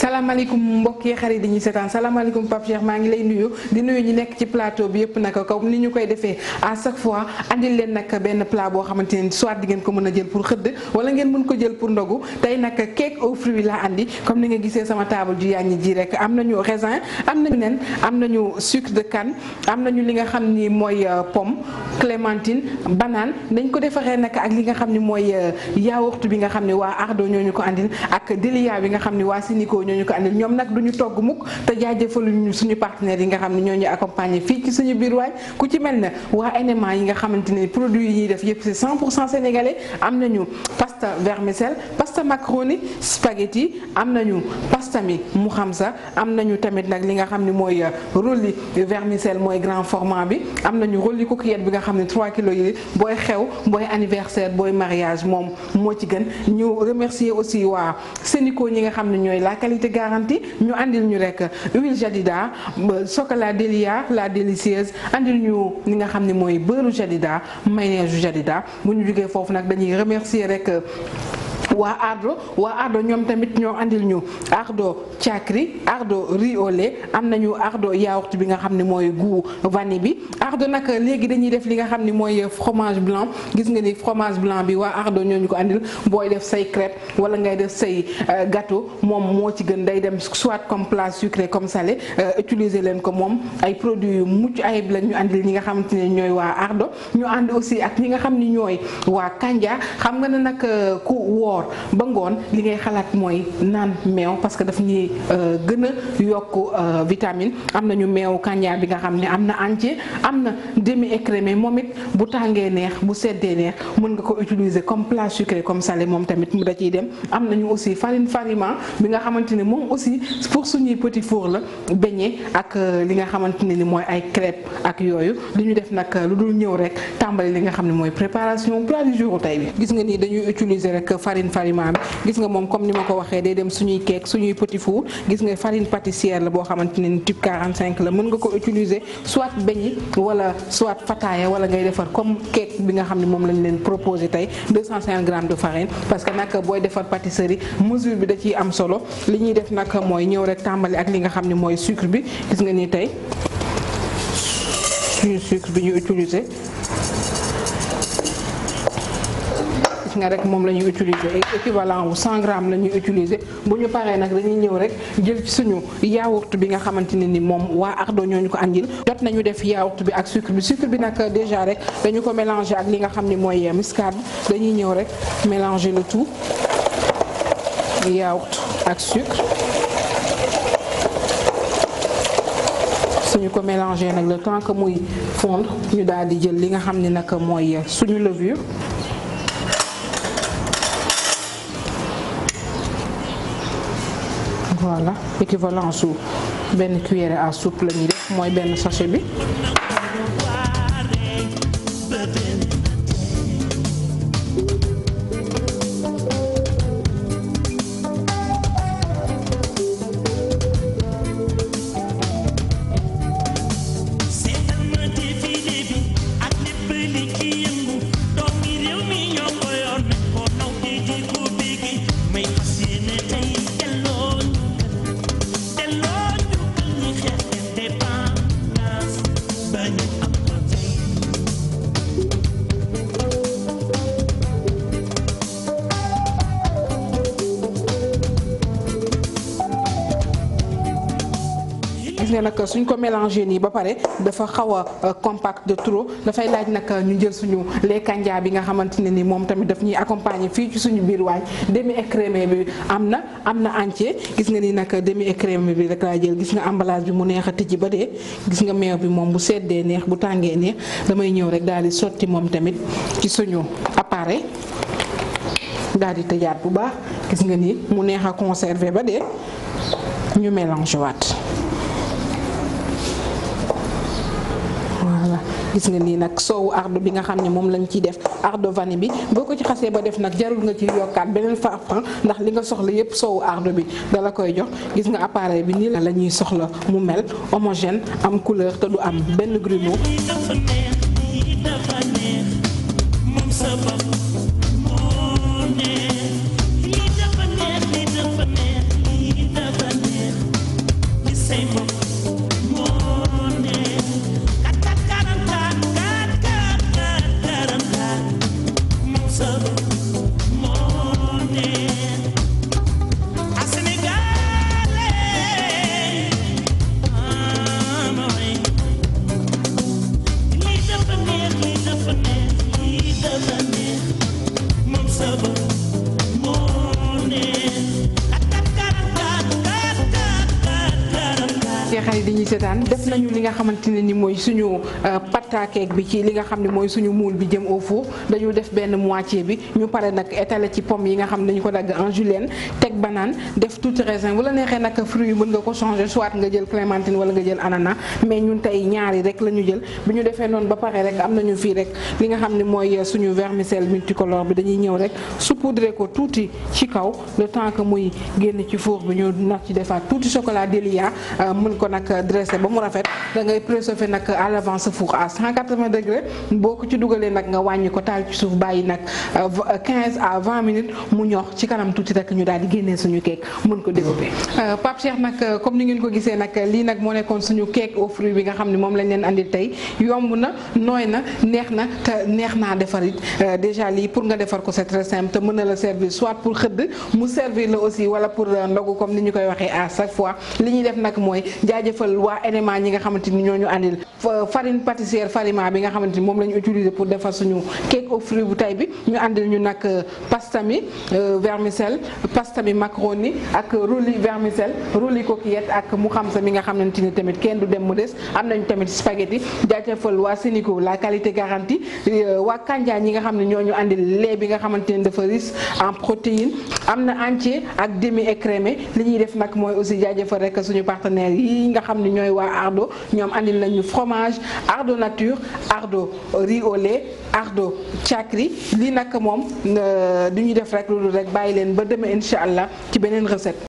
salaamaaleykum mbokk yi xarit dañuy seetaan salaamaaleykum Pape Cheikh maa ngi lay nuyu di nuyu ñi nekk ci plateau yëpp nag kaw ñu koy defee à chaque fois andil leen nag benn plat boo xamante ne soit di ngeen ko mën a jël pour xëdd wala ngeen mën ko jël pour ndogu tey nag cake aux fruits laa andi comme ni nga gisee sama table ju yaa ngi ji rek am nañu raisin am nañu nen am nañu sucre de canne am nañu li nga xam ni mooy euh, pomme clémentine banane dañ ko defaree nag ak li nga xam ni mooy euh, yaourt bi nga xam ni waa Ardo ñoo ñu ko andil ak délia bi nga xam ni waa Sinico ñoo ñu ko andil ñoom nag du ñu togg mukk te jaajëfaluñu suñu partenaires yi nga xam ne ñoo ñu accompagner fii ci suñu biir waay ku ci mel na waa NMA yi nga xamante ne produit yi ñuy def yëpp c'est 100 pour cent sénégalais am nañu pasta vermicelle pasta macaroni spaghetti am nañu pasta mi mu xam sa am nañu tamit nag li nga xam ni mooy euh, rolli vermicelle mooy grand format bi am nañu rolli coquillette bi nga xam ne 3 kilo yi booy xew booy anniversaire booy mariage moom moo ci gën ñu remercier sécurité garantie ñu andil ñu rek huile jadida chocolat Delia la délicieuse andil ñu li nga xam ni mooy beurre jadida mayonnaise jadida mu ñu jugee foofu nag dañuy remercier rek waa ardo waa ardo ñoom tamit ñoo andil ñu ardo cakri ardo riole au lait am nañu ardo yaourt bi nga xam ne mooy goût vanille bi ardo nag léegi dañuy def li nga xam ne mooy fromage blanc gis nga ni fromage blanc bi waa ardo ñoo ñu ko andil booy def say crêpe wala ngay def say euh, gato moom moo ci gën day dem soit comme plat sucré comme salé euh, utiliser leen ko moom ay produits yu mucc ayib lañ ñu andil ñi nga xamante ne ñooy waa ardo ñu ànd aussi ak ñi nga xam ni ñooy waa kanja koor ba ngoon li ngay xalaat mooy naan meew parce que dafa ñuy euh, gën a yokk euh, vitamine am na nañu meew kànjaar bi nga xam ne am na entier am na demi écrémé moom it bu tàngee neex bu seddee neex mën nga ko utiliser comme plat sucré comme salé moom tamit mu da ciy dem am nañu aussi farine fariment bi nga xamante ne moom aussi pour suñuy petit four la beignet ak euh, li nga xamante ne ni mooy ay crêpe ak yooyu li ñu def nag lu dul ñëw rek tàmbali li nga xam ne mooy préparation farine bi gis nga moom comme ni ma ko waxee day dem suñuy keek suñuy petit four gis nga farine pâtissière la boo xamante neen ni type cinq la mën nga ko utiliser soit beñi wala soit fataaya wala ngay defar comme keek bi nga xam ne moom lañ leen proposé tey 250 grammes de farine parce que nag booy defar pâtisserie mesure bi da ciy am solo li ñuy def nag mooy ñëw rek tàmbali ak li nga xam ne mooy sucre bi gis nga nii tey suñu sucre bi ñu utiliser picc nga rek moom la ñuy utiliser équivalent wu 100 grammes la ñuy utiliser bu ñu paree nag dañuy ñëw rek jël ci suñu yaourt bi nga xamante ne ni moom waa Ardo ñooñu ko andil jot nañu def yaourt bi ak sucre bi bi nag déjà rek dañu ko ak li nga xam ni mooy muscade dañuy ñëw rek mélanger le tout yaourt ak suñu ko mélanger nag le temps muy fondre ñu daal di jël li nga xam ni nag mooy suñu levure voilà équivalent su benn cuillère à soupe la mooy benn sachet bi ne nag suñ ko mélangé nii ba pare dafa xaw a euh, compact de trop dafay laaj nag euh, ñu jël suñu lait kanja bi nga xamante ne nii moom tamit daf ñuy accompagner fii ci suñu biir waañ demi écrémé bi am na am na entier gis nga nii nag euh, demi écrémé bi rek laa jël gis nga emballage bi mu neex a tijji ba dee gis nga meew bi moom bu seddee neex bu tàngee neex damay ñëw rek daal di sotti moom tamit ci suñu appareil daal di tëjaat bu baax gis nga ni mu neex a conservé ba dee ñu waat voilà gis nga nii nag soowu ardo bi nga xam ne moom lañ ciy def ardo vanille bi boo ko ci xasee ba def nag jarul nga ci yokkaat beneen faafan ndax li nga soxla yépp soowu ardo bi dala koy jox gis nga appareil bi nii la la ñuy soxla mu mel homogène am couleur te du am benn grumeau seetaan def nañu li nga xamante ne ni mooy suñu euh, pataakeeg bi ci li nga xam ne mooy suñu muul bi jëm au four dañu def benn moitié bi ñu pare nag étaler ci pomme yi nga xam ne dañu ko dagg en julienne teg banaan def tuuti raisin bu la neexee nag fruit yi nga ko changer soit nga jël clémentine wala nga jël ananas mais ñun tey ñaari rek la ñu jël bu ñu defee noonu ba pare rek am nañu fii rek li nga xam ne mooy euh, suñu vermicelle multicolore bi dañuy ñëw rek saupoudrer ko tuuti ci kaw le temps que muy génn ci four bi ñu nag ci defaat tuuti chocolat délia euh, mën ko nag dress pressé ba mu rafet da ngay préchauffer nag à l'avance four à 180 degrés boo ko ci dugalee nag nga wàññi ko taal ci suuf bàyyi nag 15 euh, euh, à 20 minutes mu ñor ci kanam tuuti rek ñu daal di génnee suñu cake mën ko découper. Euh, Pape Cheikh nag comme ni ngeen ko gisee nag li nag moo nekkoon suñu cake aux fruits bi nga xam ne moom lañ leen andil tey yomb na nooy na neex na te neex naa defar it déjà lii pour nga defar ko c'est très simple te mën na la servir soit pour mu servir la aussi wala pour ndogu comme ni ñu koy waxee à chaque fois li ñuy def nag mooy waa élément ñi nga xamante ni ñoo ñu andil farine pâtissière farima bi nga xamante ni moom la ñu utiliser pour defar suñu cake aux fruits bu tey bi ñu andil ñu nag euh, pasta mi euh, vermicelle pasta mi macaroni ak roulis vermicelle roulis coquillette ak mu xam sa mi nga xamante ni tamit kenn du dem mu des am nañu tamit spaghetti jaajëfal waa Sénico la qualité garantie euh, waa Kandia ñi nga xam ne ñoo ñu andil lait bi nga xamante ni dafa riche en protéines am na entier ak demi écrémé li ñuy def nag mooy aussi jaajëfal rek suñu partenaires yi waa ardo ñoom andil nañu fromage ardo nature ardo riz au lait ardo càkri lii nag moom euh, du ñu def rek lu dul rek bàyyi leen ba demee incha allah ci beneen recette